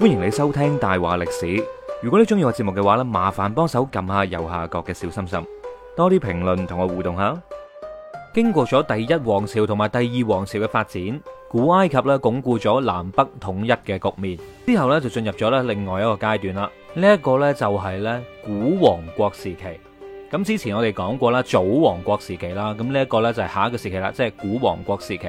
歡迎你收聽大話歷史。如果你中意我節目嘅話呢，麻煩幫手撳下右下角嘅小心心，多啲評論同我互動下。經過咗第一王朝同埋第二王朝嘅發展，古埃及咧鞏固咗南北統一嘅局面之後呢，就進入咗咧另外一個階段啦。呢一個呢就係呢古王國時期。咁之前我哋講過啦，早王國時期啦，咁呢一個呢就係下一個時期啦，即係古王國時期。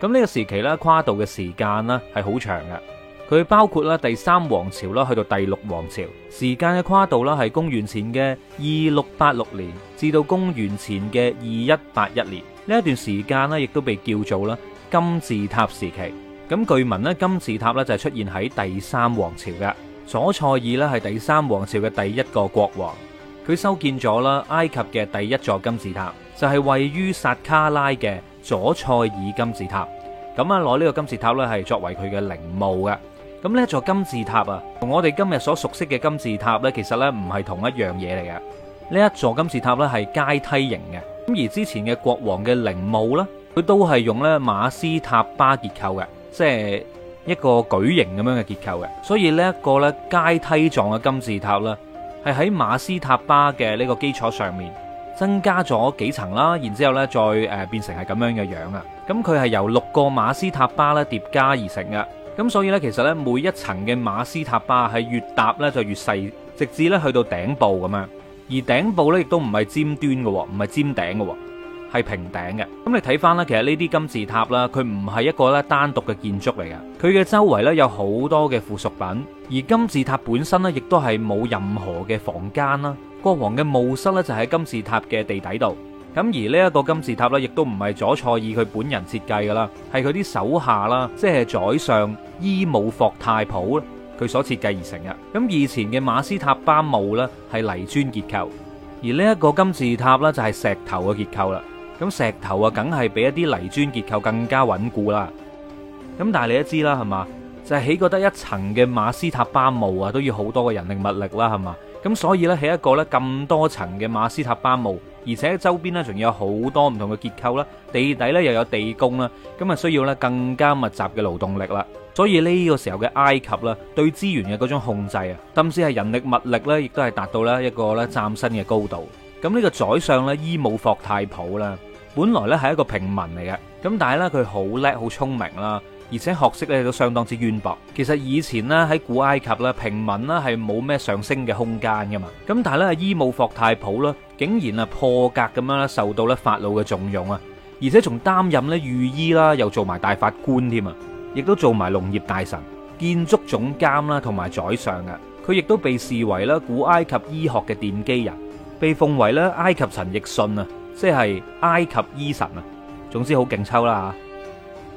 咁呢個時期咧跨度嘅時間咧係好長嘅。佢包括啦第三王朝啦，去到第六王朝，時間嘅跨度啦係公元前嘅二六八六年至到公元前嘅二一八一年。呢一段時間咧，亦都被叫做啦金字塔時期。咁據聞咧，金字塔咧就係出現喺第三王朝嘅佐塞爾啦，係第三王朝嘅第一個國王，佢修建咗啦埃及嘅第一座金字塔，就係、是、位於薩卡拉嘅佐塞爾金字塔。咁啊，攞呢個金字塔咧係作為佢嘅陵墓嘅。咁呢座金字塔啊，同我哋今日所熟悉嘅金字塔呢，其實呢唔係同一樣嘢嚟嘅。呢一座金字塔呢係階梯形嘅，咁而之前嘅國王嘅陵墓呢，佢都係用呢馬斯塔巴結構嘅，即係一個矩形咁樣嘅結構嘅。所以呢一個咧階梯狀嘅金字塔呢，係喺馬斯塔巴嘅呢個基礎上面增加咗幾層啦，然之後咧再誒變成係咁樣嘅樣啊。咁佢係由六個馬斯塔巴咧疊加而成嘅。咁所以呢，其實呢每一層嘅馬斯塔巴係越搭呢就越細，直至呢去到頂部咁樣。而頂部呢亦都唔係尖端嘅，唔係尖頂嘅，係平頂嘅。咁你睇翻呢，其實呢啲金字塔啦，佢唔係一個呢單獨嘅建築嚟㗎，佢嘅周圍呢有好多嘅附屬品，而金字塔本身呢亦都係冇任何嘅房間啦。國王嘅墓室呢，就喺金字塔嘅地底度。咁而呢一個金字塔呢，亦都唔係左塞爾佢本人設計噶啦，係佢啲手下啦，即係宰相伊姆霍太普佢所設計而成嘅。咁以前嘅馬斯塔巴墓呢，係泥磚結構，而呢一個金字塔呢，就係石頭嘅結構啦。咁石頭啊，梗係比一啲泥磚結構更加穩固啦。咁但係你都知啦，係嘛？就係、是、起個得一層嘅馬斯塔巴墓啊，都要好多嘅人力物力啦，係嘛？咁所以呢，起一個咧咁多層嘅馬斯塔巴墓，而且周邊咧仲有好多唔同嘅結構啦，地底咧又有地宮啦，咁啊需要咧更加密集嘅勞動力啦。所以呢個時候嘅埃及啦，對資源嘅嗰種控制啊，甚至係人力物力呢，亦都係達到咧一個咧嶄新嘅高度。咁呢個宰相呢，伊姆霍太普咧，本來呢係一個平民嚟嘅，咁但係呢，佢好叻好聰明啦。而且學識咧都相當之淵博。其實以前呢，喺古埃及咧，平民呢係冇咩上升嘅空間噶嘛。咁但係咧伊姆霍太普呢，竟然啊破格咁樣咧受到咧法老嘅重用啊，而且仲擔任咧御醫啦，又做埋大法官添啊，亦都做埋農業大臣、建築總監啦，同埋宰相啊。佢亦都被視為咧古埃及醫學嘅奠基人，被奉為咧埃及陳奕迅啊，即係埃及醫神啊。總之好勁抽啦嚇！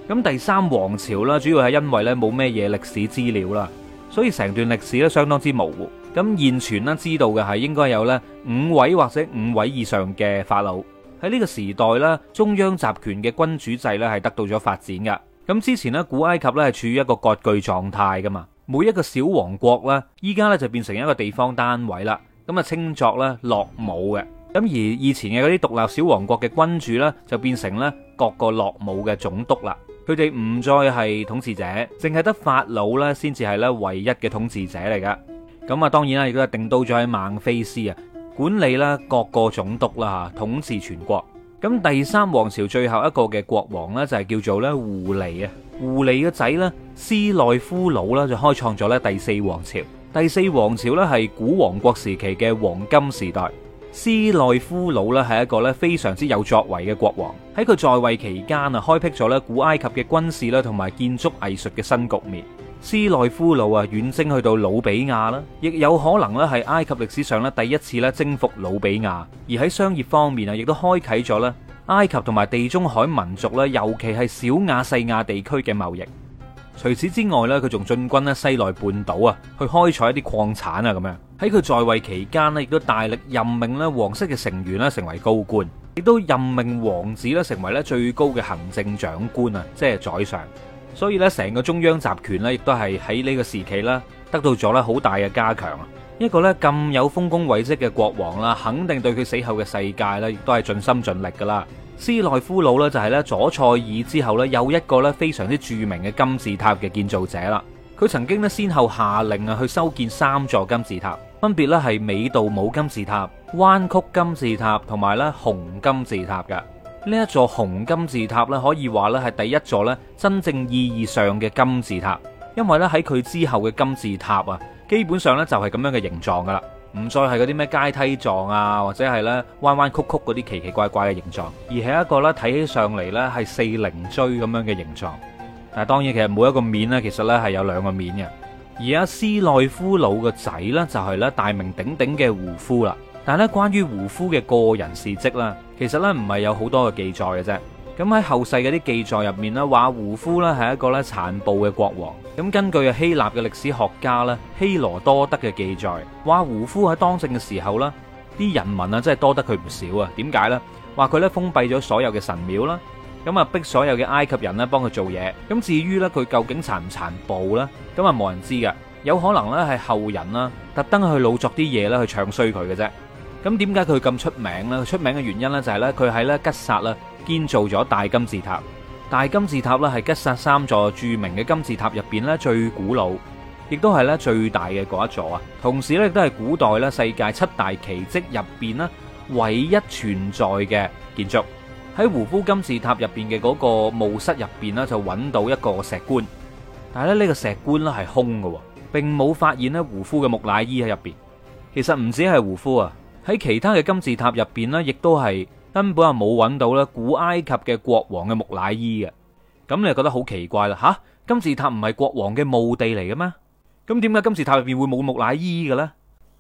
咁第三王朝啦，主要係因為咧冇咩嘢歷史資料啦，所以成段歷史咧相當之模糊。咁現存啦知道嘅係應該有咧五位或者五位以上嘅法老喺呢個時代啦，中央集權嘅君主制咧係得到咗發展噶。咁之前咧古埃及咧係處於一個割據狀態噶嘛，每一個小王國咧，依家咧就變成一個地方單位啦，咁啊稱作咧諾姆嘅。咁而以前嘅嗰啲獨立小王國嘅君主咧，就變成咧各個諾姆嘅總督啦。佢哋唔再係統治者，淨係得法老咧，先至係咧唯一嘅統治者嚟噶。咁啊，當然啦，亦都係定到咗喺孟菲斯啊，管理啦各個總督啦吓，統治全國。咁第三王朝最後一個嘅國王呢，就係叫做咧胡利啊，胡利嘅仔咧斯內夫魯啦就開創咗咧第四王朝。第四王朝咧係古王國時期嘅黃金時代。斯內夫魯咧係一個咧非常之有作為嘅國王。喺佢在，在位期間啊，開辟咗咧古埃及嘅軍事啦，同埋建築藝術嘅新局面。斯內夫魯啊，遠征去到努比亞啦，亦有可能咧係埃及歷史上咧第一次咧征服努比亞。而喺商業方面啊，亦都開啓咗咧埃及同埋地中海民族啦，尤其係小亞細亞地區嘅貿易。除此之外咧，佢仲進軍咧西奈半島啊，去開採一啲礦產啊咁樣。喺佢在位期間咧，亦都大力任命咧皇室嘅成員啦成為高官。亦都任命王子咧成為咧最高嘅行政長官啊，即係宰相，所以咧成個中央集權咧亦都係喺呢個時期啦，得到咗咧好大嘅加強。一個咧咁有豐功偉績嘅國王啦，肯定對佢死後嘅世界咧亦都係盡心盡力噶啦。斯內夫魯咧就係咧左塞爾之後咧又一個咧非常之著名嘅金字塔嘅建造者啦。佢曾經咧先後下令啊去修建三座金字塔。分別咧係美杜姆金字塔、彎曲金字塔同埋咧紅金字塔嘅。呢一座紅金字塔咧，可以話咧係第一座咧真正意義上嘅金字塔，因為咧喺佢之後嘅金字塔啊，基本上咧就係咁樣嘅形狀㗎喇，唔再係嗰啲咩階梯狀啊，或者係咧彎彎曲曲嗰啲奇奇怪怪嘅形狀，而係一個咧睇起上嚟咧係四棱錐咁樣嘅形狀。但係當然其實每一個面咧，其實咧係有兩個面嘅。而阿斯內夫魯嘅仔呢，就係咧大名鼎鼎嘅胡夫啦，但係咧關於胡夫嘅個人事跡咧，其實呢，唔係有好多嘅記載嘅啫。咁喺後世嗰啲記載入面呢，話胡夫呢係一個呢殘暴嘅國王。咁根據希臘嘅歷史學家呢，希羅多德嘅記載，話胡夫喺當政嘅時候呢，啲人民啊真係多得佢唔少啊。點解呢？話佢呢封閉咗所有嘅神廟啦。咁啊，逼所有嘅埃及人咧幫佢做嘢。咁至於咧，佢究竟殘唔殘暴咧，咁啊，冇人知噶。有可能咧係後人啦，特登去老作啲嘢咧，去唱衰佢嘅啫。咁點解佢咁出名咧？出名嘅原因咧就係咧，佢喺咧吉薩咧，建造咗大金字塔。大金字塔咧係吉薩三座著名嘅金字塔入邊咧最古老，亦都係咧最大嘅嗰一座啊。同時咧亦都係古代咧世界七大奇蹟入邊咧唯一存在嘅建築。喺胡夫金字塔入邊嘅嗰個墓室入邊呢就揾到一個石棺，但係咧呢個石棺呢係空嘅，並冇發現咧胡夫嘅木乃伊喺入邊。其實唔止係胡夫啊，喺其他嘅金字塔入邊呢，亦都係根本啊冇揾到咧古埃及嘅國王嘅木乃伊嘅。咁你就覺得好奇怪啦吓、啊？金字塔唔係國王嘅墓地嚟嘅咩？咁點解金字塔入邊會冇木乃伊嘅咧？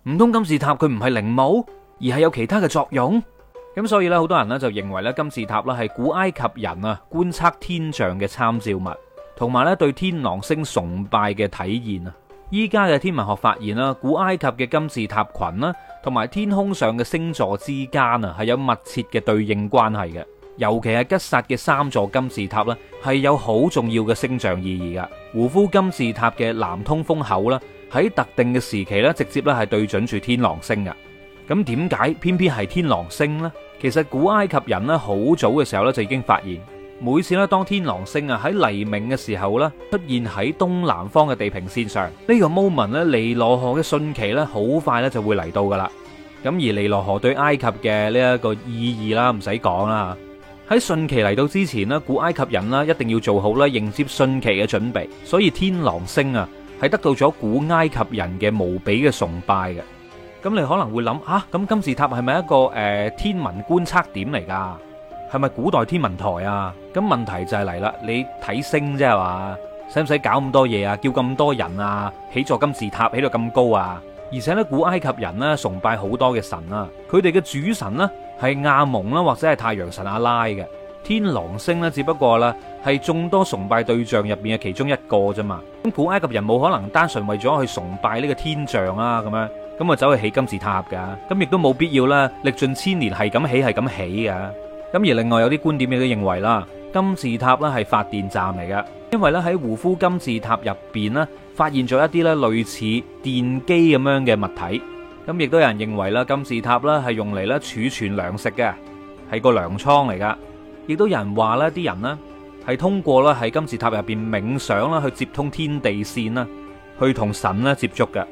唔通金字塔佢唔係陵墓，而係有其他嘅作用？咁所以咧，好多人呢就認為咧金字塔啦係古埃及人啊觀測天象嘅參照物，同埋咧對天狼星崇拜嘅體現啊。依家嘅天文學發現啦，古埃及嘅金字塔群啦，同埋天空上嘅星座之間啊係有密切嘅對應關係嘅。尤其係吉薩嘅三座金字塔呢，係有好重要嘅星象意義噶。胡夫金字塔嘅南通風口啦，喺特定嘅時期咧直接咧係對準住天狼星噶。咁點解偏偏係天狼星呢？其實古埃及人咧好早嘅時候咧就已經發現，每次咧當天狼星啊喺黎明嘅時候咧出現喺東南方嘅地平線上，呢個 moment 咧尼羅河嘅汛期咧好快咧就會嚟到噶啦。咁而尼羅河對埃及嘅呢一個意義啦唔使講啦。喺汛期嚟到之前咧，古埃及人咧一定要做好咧迎接汛期嘅準備。所以天狼星啊係得到咗古埃及人嘅無比嘅崇拜嘅。咁你可能會諗吓，咁、啊、金字塔係咪一個誒、呃、天文觀測點嚟噶？係咪古代天文台啊？咁問題就係嚟啦，你睇星啫係嘛，使唔使搞咁多嘢啊？叫咁多人啊，起座金字塔起到咁高啊？而且咧，古埃及人呢，崇拜好多嘅神啊，佢哋嘅主神呢，係亞蒙啦，或者係太陽神阿拉嘅天狼星呢，只不過啦係眾多崇拜對象入邊嘅其中一個啫嘛。咁古埃及人冇可能單純為咗去崇拜呢個天象啦、啊，咁樣。咁啊，走去起金字塔噶，咁亦都冇必要啦。歷盡千年係咁起，係咁起噶。咁而另外有啲觀點亦都認為啦，金字塔啦係發電站嚟噶，因為咧喺胡夫金字塔入邊呢，發現咗一啲咧類似電機咁樣嘅物體。咁亦都有人認為啦，金字塔啦係用嚟咧儲存糧食嘅，係個糧倉嚟噶。亦都有人話咧，啲人咧係通過啦喺金字塔入邊冥想啦，去接通天地線啦，去同神咧接觸嘅。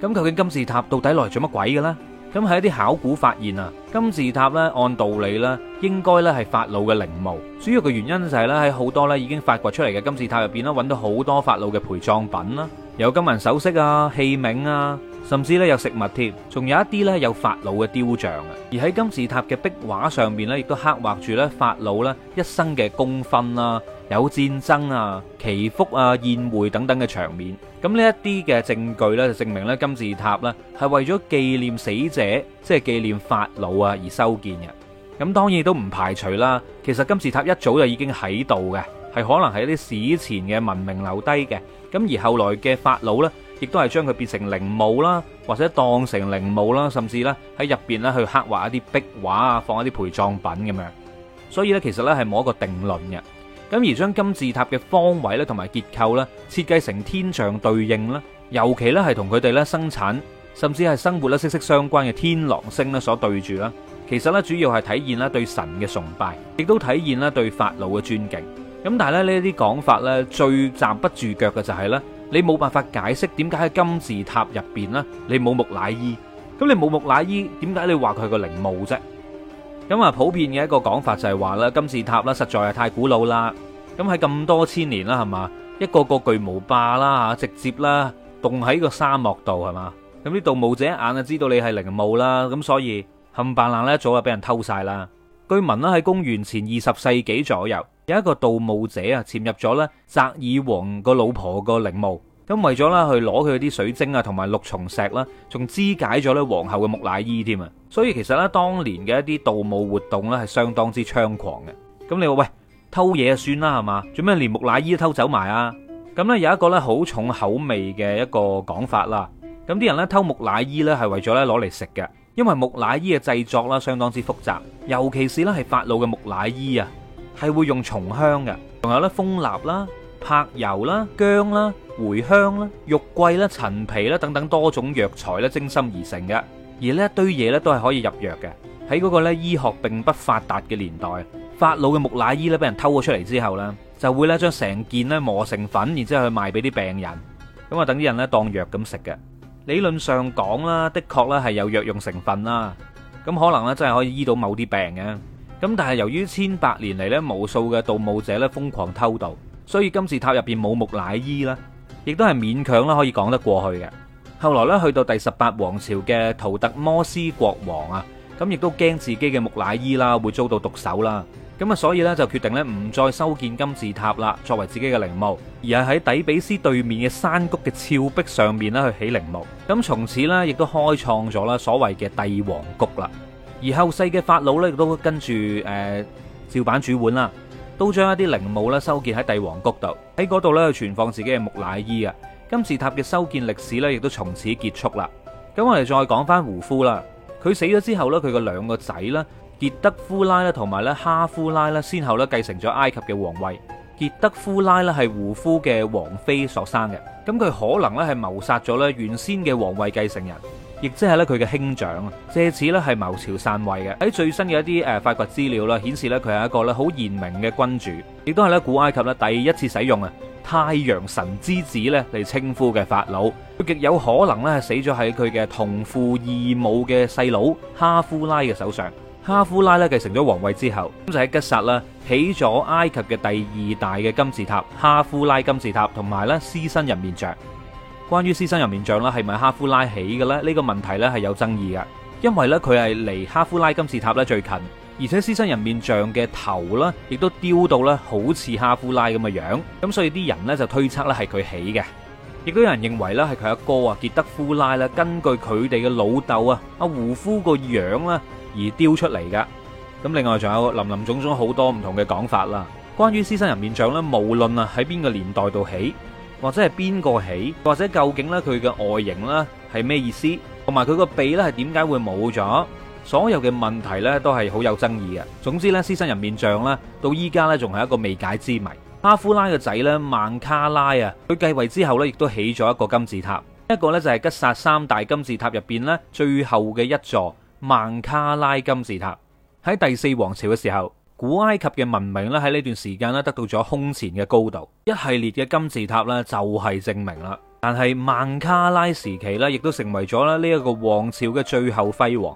咁究竟金字塔到底來做乜鬼嘅呢？咁喺一啲考古發現啊，金字塔呢，按道理呢，應該呢係法老嘅陵墓。主要嘅原因就係咧，喺好多呢已經發掘出嚟嘅金字塔入邊咧揾到好多法老嘅陪葬品啦，有金銀首飾啊、器皿啊，甚至呢有食物添，仲有一啲呢，有法老嘅雕像啊。而喺金字塔嘅壁畫上面呢，亦都刻畫住呢法老呢一生嘅功勳啦。有戰爭啊、祈福啊、宴會等等嘅場面，咁呢一啲嘅證據呢，就證明呢金字塔呢係為咗紀念死者，即係紀念法老啊而修建嘅。咁當然都唔排除啦，其實金字塔一早就已經喺度嘅，係可能係一啲史前嘅文明留低嘅。咁而後來嘅法老呢，亦都係將佢變成陵墓啦，或者當成陵墓啦，甚至呢喺入邊呢去刻畫一啲壁畫啊，放一啲陪葬品咁樣。所以呢，其實呢係冇一個定論嘅。咁而將金字塔嘅方位咧，同埋結構咧，設計成天象對應啦，尤其咧係同佢哋咧生產，甚至係生活咧息息相關嘅天狼星咧所對住啦。其實咧，主要係體現咧對神嘅崇拜，亦都體現咧對法老嘅尊敬。咁但係咧，呢啲講法咧，最站不住腳嘅就係咧，你冇辦法解釋點解喺金字塔入邊咧，你冇木乃伊。咁你冇木乃伊，點解你話佢係個陵墓啫？咁啊，普遍嘅一個講法就係話咧，金字塔啦，實在係太古老啦。咁喺咁多千年啦，係嘛？一個個巨無霸啦嚇，直接啦，棟喺個沙漠度係嘛？咁啲盜墓者一眼就知道你係陵墓啦，咁所以冚唪唥咧，一早就俾人偷晒啦。據聞呢喺公元前二十世紀左右，有一個盜墓者啊，潛入咗咧，澤爾王個老婆個陵墓。咁為咗咧去攞佢嗰啲水晶啊，同埋綠松石啦，仲肢解咗咧皇后嘅木乃伊添啊！所以其實咧，當年嘅一啲盜墓活動咧係相當之猖狂嘅。咁你話喂，偷嘢就算啦係嘛？做咩連木乃伊都偷走埋啊？咁咧有一個咧好重口味嘅一個講法啦。咁啲人咧偷木乃伊咧係為咗咧攞嚟食嘅，因為木乃伊嘅製作啦相當之複雜，尤其是咧係法老嘅木乃伊啊，係會用松香嘅，仲有咧蜂蠟啦。柏油啦、姜啦、茴香啦、肉桂啦、陳皮啦等等多種藥材咧，精心而成嘅。而呢一堆嘢咧，都係可以入藥嘅。喺嗰個咧醫學並不發達嘅年代，法老嘅木乃伊咧，俾人偷咗出嚟之後咧，就會咧將成件咧磨成粉，然之後去賣俾啲病人，咁啊等啲人咧當藥咁食嘅。理論上講啦，的確咧係有藥用成分啦，咁可能咧真係可以醫到某啲病嘅。咁但係由於千百年嚟咧無數嘅盜墓者咧瘋狂偷盜。所以金字塔入邊冇木乃伊啦，亦都係勉強啦可以講得過去嘅。後來咧去到第十八王朝嘅圖特摩斯國王啊，咁亦都驚自己嘅木乃伊啦會遭到毒手啦，咁啊所以咧就決定咧唔再修建金字塔啦，作為自己嘅陵墓，而係喺底比斯對面嘅山谷嘅峭壁上面咧去起陵墓。咁從此咧亦都開創咗啦所謂嘅帝王谷啦。而後世嘅法老咧亦都跟住誒、呃、照版主碗啦。都將一啲陵墓咧修建喺帝王谷度，喺嗰度咧去存放自己嘅木乃伊啊。金字塔嘅修建歷史咧，亦都從此結束啦。咁我哋再講翻胡夫啦，佢死咗之後咧，佢嘅兩個仔咧，傑德夫拉咧同埋咧哈夫拉咧，先後咧繼承咗埃及嘅皇位。傑德夫拉咧係胡夫嘅皇妃所生嘅，咁佢可能咧係謀殺咗咧原先嘅皇位繼承人。亦即係咧佢嘅兄長啊，借此咧係謀朝篡位嘅。喺最新嘅一啲誒發掘資料啦，顯示咧佢係一個咧好賢明嘅君主，亦都係咧古埃及咧第一次使用啊太陽神之子咧嚟稱呼嘅法老。佢極有可能咧死咗喺佢嘅同父異母嘅細佬哈夫拉嘅手上。哈夫拉咧繼承咗皇位之後，咁就喺、是、吉薩啦起咗埃及嘅第二大嘅金字塔——哈夫拉金字塔，同埋咧獅身人面像。關於獅身人面像啦，係咪哈夫拉起嘅咧？呢個問題呢係有爭議嘅，因為呢，佢係離哈夫拉金字塔呢最近，而且獅身人面像嘅頭呢亦都雕到呢好似哈夫拉咁嘅樣，咁所以啲人呢就推測呢係佢起嘅，亦都有人認為呢係佢阿哥啊傑德夫拉啦，根據佢哋嘅老豆啊阿胡夫個樣啦而雕出嚟噶。咁另外仲有林林種種好多唔同嘅講法啦。關於獅身人面像呢，無論啊喺邊個年代度起，或者係邊個起，或者究竟咧佢嘅外形咧係咩意思，同埋佢個鼻咧係點解會冇咗？所有嘅問題咧都係好有爭議嘅。總之，呢獅身人面像咧到依家咧仲係一個未解之謎。哈夫拉個仔呢曼卡拉啊，佢繼位之後咧，亦都起咗一個金字塔，一個呢就係吉薩三大金字塔入邊咧最後嘅一座曼卡拉金字塔，喺第四王朝嘅時候。古埃及嘅文明咧喺呢段時間咧得到咗空前嘅高度，一系列嘅金字塔呢，就係證明啦。但係曼卡拉時期呢，亦都成為咗呢一個王朝嘅最後輝煌。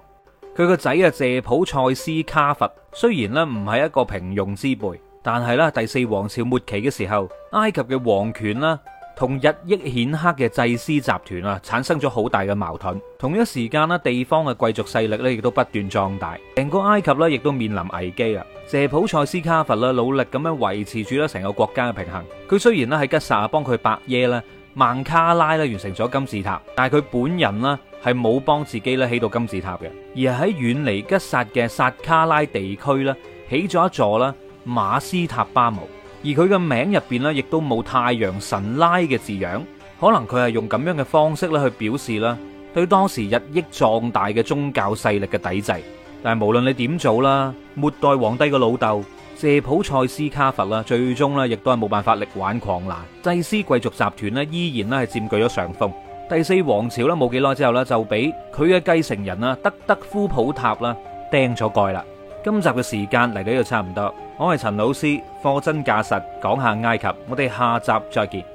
佢個仔啊謝普塞斯卡佛雖然呢唔係一個平庸之輩，但係咧第四王朝末期嘅時候，埃及嘅王權啦，同日益顯赫嘅祭司集團啊，產生咗好大嘅矛盾。同一時間咧，地方嘅貴族勢力咧，亦都不斷壯大，成個埃及咧，亦都面臨危機啦。謝普塞斯卡佛啦，努力咁樣維持住咧成個國家嘅平衡。佢雖然咧喺吉薩啊幫佢伯爺咧，孟卡拉咧完成咗金字塔，但係佢本人咧係冇幫自己咧起到金字塔嘅，而喺遠離吉薩嘅薩卡拉地區咧起咗一座啦馬斯塔巴墓。而佢嘅名入邊呢，亦都冇太陽神拉嘅字樣，可能佢係用咁樣嘅方式咧去表示啦，對當時日益壯大嘅宗教勢力嘅抵制。但係無論你點做啦，末代皇帝嘅老豆謝普塞斯卡佛啦，最終呢亦都係冇辦法力挽狂瀾，祭司貴族集團呢，依然咧係佔據咗上風。第四王朝呢，冇幾耐之後呢，就俾佢嘅繼承人啊德德夫普塔啦釘咗蓋啦。今集嘅時間嚟到呢度差唔多，我係陳老師，貨真價實，講下埃及，我哋下集再見。